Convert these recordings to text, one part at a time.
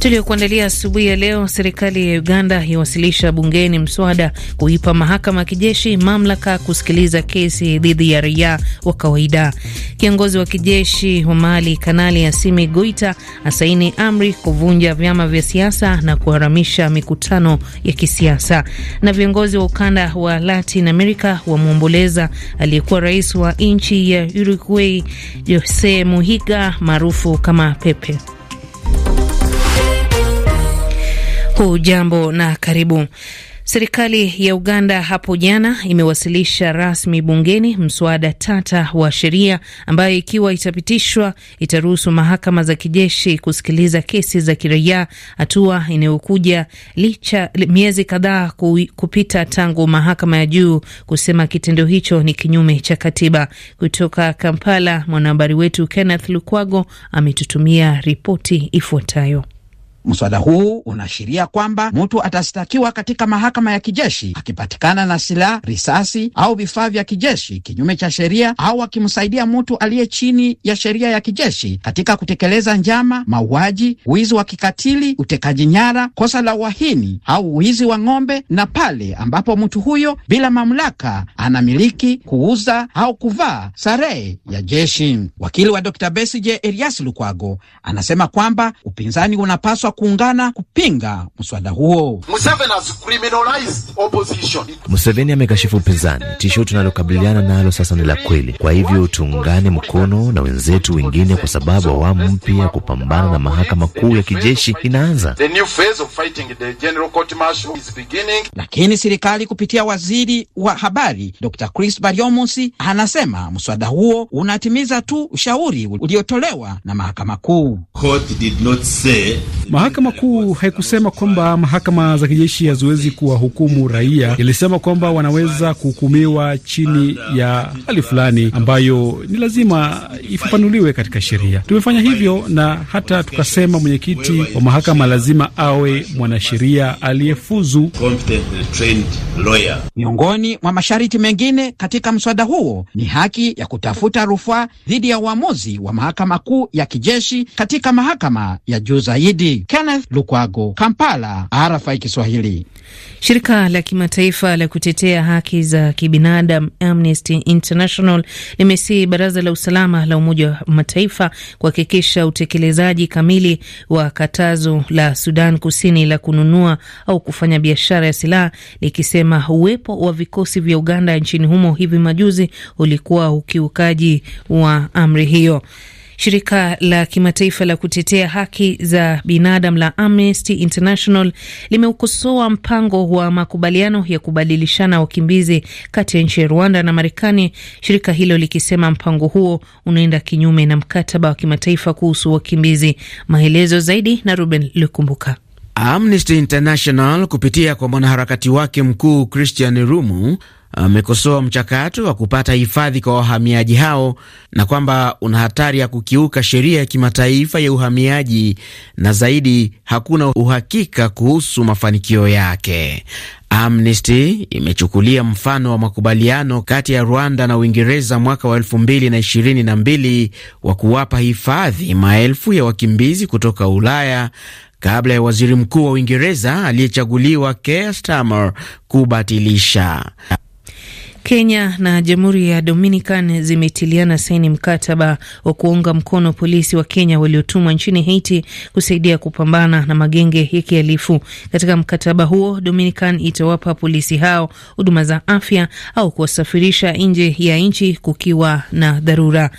Tuliokuandalia asubuhi ya leo: serikali ya Uganda iwasilisha bungeni mswada kuipa mahakama ya kijeshi mamlaka kusikiliza kesi dhidi ya raia wa kawaida. Kiongozi wa kijeshi wa Mali Kanali Asimi Goita asaini amri kuvunja vyama vya siasa na kuharamisha mikutano ya kisiasa. Na viongozi wa ukanda wa Latin America wamwomboleza aliyekuwa rais wa nchi ya Uruguay Jose Mujica maarufu kama Pepe. Hujambo na karibu. Serikali ya Uganda hapo jana imewasilisha rasmi bungeni mswada tata wa sheria ambayo ikiwa itapitishwa itaruhusu mahakama za kijeshi kusikiliza kesi za kiraia, hatua inayokuja licha miezi kadhaa kupita tangu mahakama ya juu kusema kitendo hicho ni kinyume cha katiba. Kutoka Kampala, mwanahabari wetu Kenneth Lukwago ametutumia ripoti ifuatayo. Mswada huu unaashiria kwamba mtu atashtakiwa katika mahakama ya kijeshi akipatikana na silaha, risasi au vifaa vya kijeshi kinyume cha sheria au akimsaidia mtu aliye chini ya sheria ya kijeshi katika kutekeleza njama, mauaji, wizi wa kikatili, utekaji nyara, kosa la uhaini au wizi wa ng'ombe, na pale ambapo mtu huyo bila mamlaka anamiliki, kuuza au kuvaa sare ya jeshi. Wakili wa Dr. Besigye Erias Lukwago anasema kwamba upinzani unapaswa wanapaswa kuungana kupinga mswada huo. Museveni amekashifu upinzani. Tishio tunalokabiliana nalo sasa ni la kweli, kwa hivyo tuungane mkono na wenzetu wengine, kwa sababu awamu mpya kupambana na mahakama kuu ya kijeshi inaanza. Lakini serikali kupitia waziri wa habari Dr. Chris Baryomusi anasema mswada huo unatimiza tu ushauri uliotolewa na mahakama kuu. Mahakama Kuu haikusema kwamba mahakama za kijeshi haziwezi kuwahukumu raia, ilisema kwamba wanaweza kuhukumiwa chini ya hali fulani ambayo ni lazima ifafanuliwe katika sheria. Tumefanya hivyo na hata tukasema mwenyekiti wa mahakama lazima awe mwanasheria aliyefuzu. Miongoni mwa masharti mengine katika mswada huo ni haki ya kutafuta rufaa dhidi ya uamuzi wa mahakama kuu ya kijeshi katika mahakama ya juu zaidi. Kenneth Lukwago, Kampala, RFI Kiswahili. Shirika la kimataifa la kutetea haki za kibinadamu Amnesty International limesihi baraza la usalama la Umoja wa Mataifa kuhakikisha utekelezaji kamili wa katazo la Sudan Kusini la kununua au kufanya biashara ya silaha, likisema uwepo wa vikosi vya Uganda nchini humo hivi majuzi ulikuwa ukiukaji wa amri hiyo. Shirika la kimataifa la kutetea haki za binadamu la Amnesty International limeukosoa mpango wa makubaliano ya kubadilishana wakimbizi kati ya nchi ya Rwanda na Marekani, shirika hilo likisema mpango huo unaenda kinyume na mkataba wa kimataifa kuhusu wakimbizi. Maelezo zaidi na Ruben Lukumbuka. Amnesty International kupitia kwa mwanaharakati wake mkuu Christian Rumu amekosoa mchakato wa kupata hifadhi kwa wahamiaji hao na kwamba una hatari ya kukiuka sheria ya kimataifa ya uhamiaji na zaidi, hakuna uhakika kuhusu mafanikio yake. Amnesty imechukulia mfano wa makubaliano kati ya Rwanda na Uingereza mwaka wa elfu wa kuwapa hifadhi maelfu ya wakimbizi kutoka Ulaya kabla ya waziri mkuu wa Uingereza aliyechaguliwa Keir Starmer kubatilisha. Kenya na Jamhuri ya Dominican zimetiliana saini mkataba wa kuunga mkono polisi wa Kenya waliotumwa nchini Haiti kusaidia kupambana na magenge ya kihalifu. Katika mkataba huo, Dominican itawapa polisi hao huduma za afya au kuwasafirisha nje ya nchi kukiwa na dharura.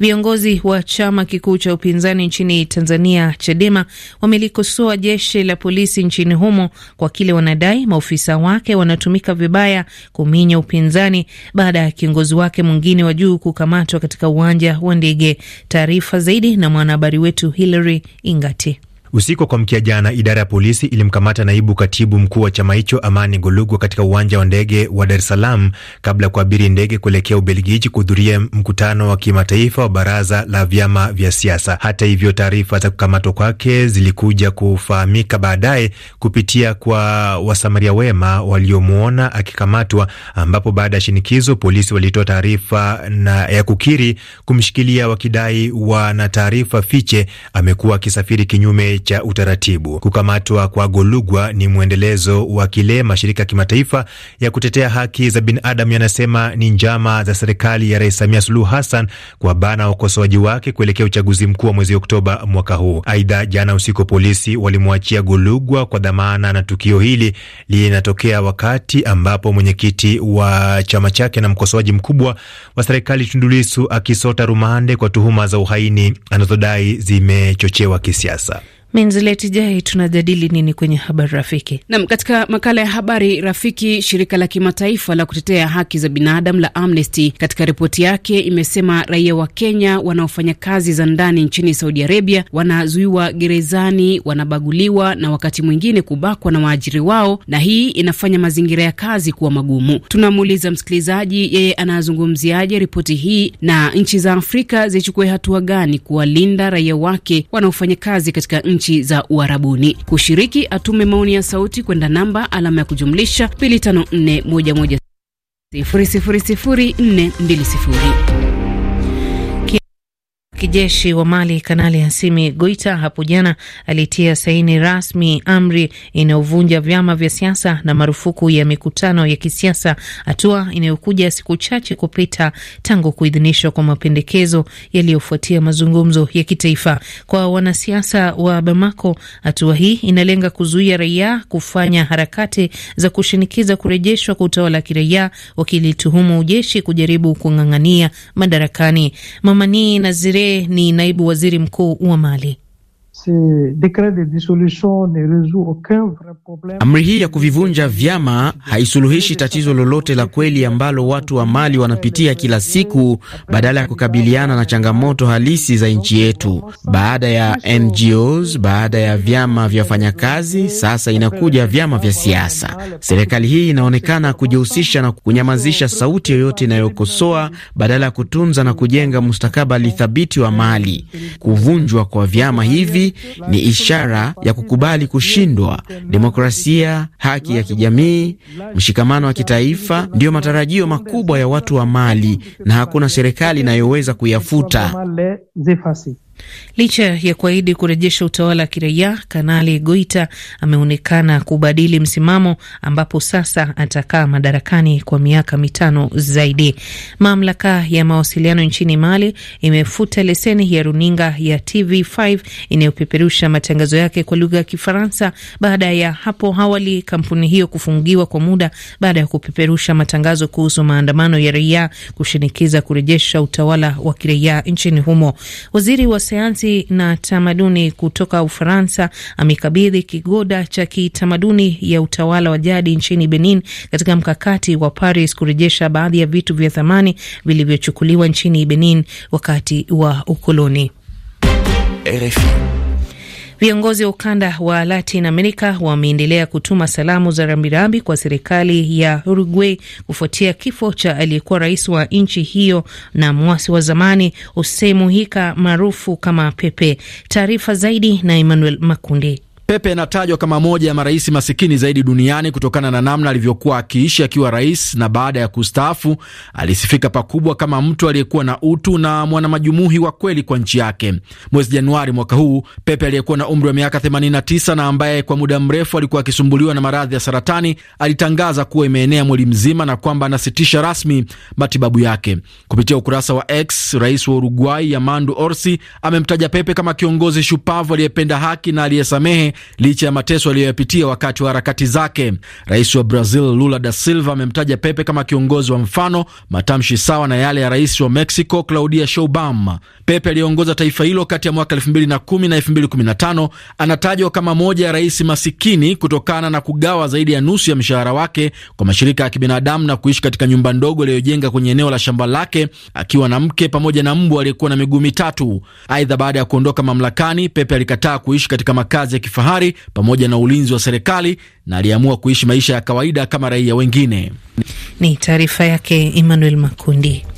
Viongozi wa chama kikuu cha upinzani nchini Tanzania, Chadema, wamelikosoa jeshi la polisi nchini humo kwa kile wanadai maofisa wake wanatumika vibaya kuminya upinzani baada ya kiongozi wake mwingine wa juu kukamatwa katika uwanja wa ndege. Taarifa zaidi na mwanahabari wetu Hilary Ingati. Usiku wa mkia jana, idara ya polisi ilimkamata naibu katibu mkuu wa chama hicho Amani Golugwa katika uwanja wa ndege wa Dar es Salaam kabla ya kuabiri ndege kuelekea Ubelgiji kuhudhuria mkutano wa kimataifa wa baraza la vyama vya siasa. Hata hivyo, taarifa za kukamatwa kwake zilikuja kufahamika baadaye kupitia kwa wasamaria wema waliomwona akikamatwa, ambapo baada ya shinikizo polisi walitoa taarifa na ya kukiri kumshikilia wakidai wana taarifa fiche amekuwa akisafiri kinyume cha utaratibu. Kukamatwa kwa Golugwa ni mwendelezo wa kile mashirika ya kimataifa ya kutetea haki za binadamu yanasema ni njama za serikali ya Rais Samia Suluhu Hassan bana wakosoaji wake kuelekea uchaguzi mkuu wa mwezi Oktoba mwaka huu. Aidha, jana usiku polisi walimwachia Golugwa kwa dhamana, na tukio hili linatokea wakati ambapo mwenyekiti wa chama chake na mkosoaji mkubwa wa serikali tundulisu akisota rumande kwa tuhuma za uhaini anazodai zimechochewa kisiasa. Minziletijai, tunajadili nini kwenye habari rafiki? Nam, katika makala ya habari rafiki, shirika la kimataifa la kutetea haki za binadamu la Amnesty katika ripoti yake imesema raia wa Kenya wanaofanya kazi za ndani nchini Saudi Arabia wanazuiwa gerezani, wanabaguliwa na wakati mwingine kubakwa na waajiri wao, na hii inafanya mazingira ya kazi kuwa magumu. Tunamuuliza msikilizaji, yeye anazungumziaje ripoti hii na nchi za Afrika zichukue hatua gani kuwalinda raia wake wanaofanya kazi katika nchi nchi za Uarabuni. Kushiriki, atume maoni ya sauti kwenda namba alama ya kujumlisha 25411000420 kijeshi wa Mali Kanali Hasimi Goita hapo jana alitia saini rasmi amri inayovunja vyama vya siasa na marufuku ya mikutano ya kisiasa, hatua inayokuja siku chache kupita tangu kuidhinishwa kwa mapendekezo yaliyofuatia mazungumzo ya kitaifa. Kwa wanasiasa wa Bamako, hatua hii inalenga kuzuia raia kufanya harakati za kushinikiza kurejeshwa kwa utawala wa kiraia, wakilituhumu jeshi kujaribu kung'ang'ania madarakani. Mamani Nazire ni naibu waziri mkuu wa Mali. Amri hii ya kuvivunja vyama haisuluhishi tatizo lolote la kweli ambalo watu wa Mali wanapitia kila siku, badala ya kukabiliana na changamoto halisi za nchi yetu. Baada ya NGOs, baada ya vyama vya wafanyakazi, sasa inakuja vyama vya siasa. Serikali hii inaonekana kujihusisha na kunyamazisha sauti yoyote inayokosoa, badala ya kutunza na kujenga mustakabali thabiti wa Mali. Kuvunjwa kwa vyama hivi ni ishara ya kukubali kushindwa. Demokrasia, haki ya kijamii, mshikamano wa kitaifa ndiyo matarajio makubwa ya watu wa Mali na hakuna serikali inayoweza kuyafuta. Licha ya kuahidi kurejesha utawala wa kiraia, Kanali Goita ameonekana kubadili msimamo, ambapo sasa atakaa madarakani kwa miaka mitano zaidi. Mamlaka ya mawasiliano nchini Mali imefuta leseni ya runinga ya TV5 inayopeperusha matangazo yake kwa lugha ya Kifaransa baada ya hapo awali kampuni hiyo kufungiwa kwa muda baada ya kupeperusha matangazo kuhusu maandamano ya raia kushinikiza kurejesha utawala wa kiraia nchini humo. Waziri wa sayansi na tamaduni kutoka Ufaransa amekabidhi kigoda cha kitamaduni ya utawala wa jadi nchini Benin katika mkakati wa Paris kurejesha baadhi ya vitu vya thamani vilivyochukuliwa nchini Benin wakati wa ukoloni. RFI Viongozi wa ukanda wa Latin America wameendelea kutuma salamu za rambirambi kwa serikali ya Uruguay kufuatia kifo cha aliyekuwa rais wa nchi hiyo na mwasi wa zamani Hussein Muhika maarufu kama Pepe. Taarifa zaidi na Emmanuel Makundi. Pepe anatajwa kama moja ya marais masikini zaidi duniani kutokana na namna alivyokuwa akiishi akiwa rais, na baada ya kustaafu alisifika pakubwa kama mtu aliyekuwa na utu na mwanamajumuhi wa kweli kwa nchi yake. Mwezi Januari mwaka huu, Pepe aliyekuwa na umri wa miaka 89 na ambaye kwa muda mrefu alikuwa akisumbuliwa na maradhi ya saratani alitangaza kuwa imeenea mwili mzima na kwamba anasitisha rasmi matibabu yake. Kupitia ukurasa wa X, rais wa Uruguay Yamandu Orsi amemtaja Pepe kama kiongozi shupavu aliyependa haki na aliyesamehe licha ya mateso aliyoyapitia wakati wa harakati zake. Rais wa Brazil Lula da Silva amemtaja Pepe kama kiongozi wa mfano, matamshi sawa na yale ya rais wa Mexico Claudia Sheinbaum. Pepe aliyeongoza taifa hilo kati ya mwaka 2010 na 2015 anatajwa kama moja ya rais masikini kutokana na kugawa zaidi ya nusu ya mshahara wake kwa mashirika ya kibinadamu na kuishi katika nyumba ndogo aliyojenga kwenye eneo la shamba lake akiwa na mke pamoja na mbwa aliyekuwa na miguu mitatu. Aidha, baada ya kuondoka mamlakani, Pepe alikataa kuishi katika makazi ya kifaha kifahari pamoja na ulinzi wa serikali na aliamua kuishi maisha ya kawaida kama raia wengine. Ni taarifa yake Emmanuel Makundi.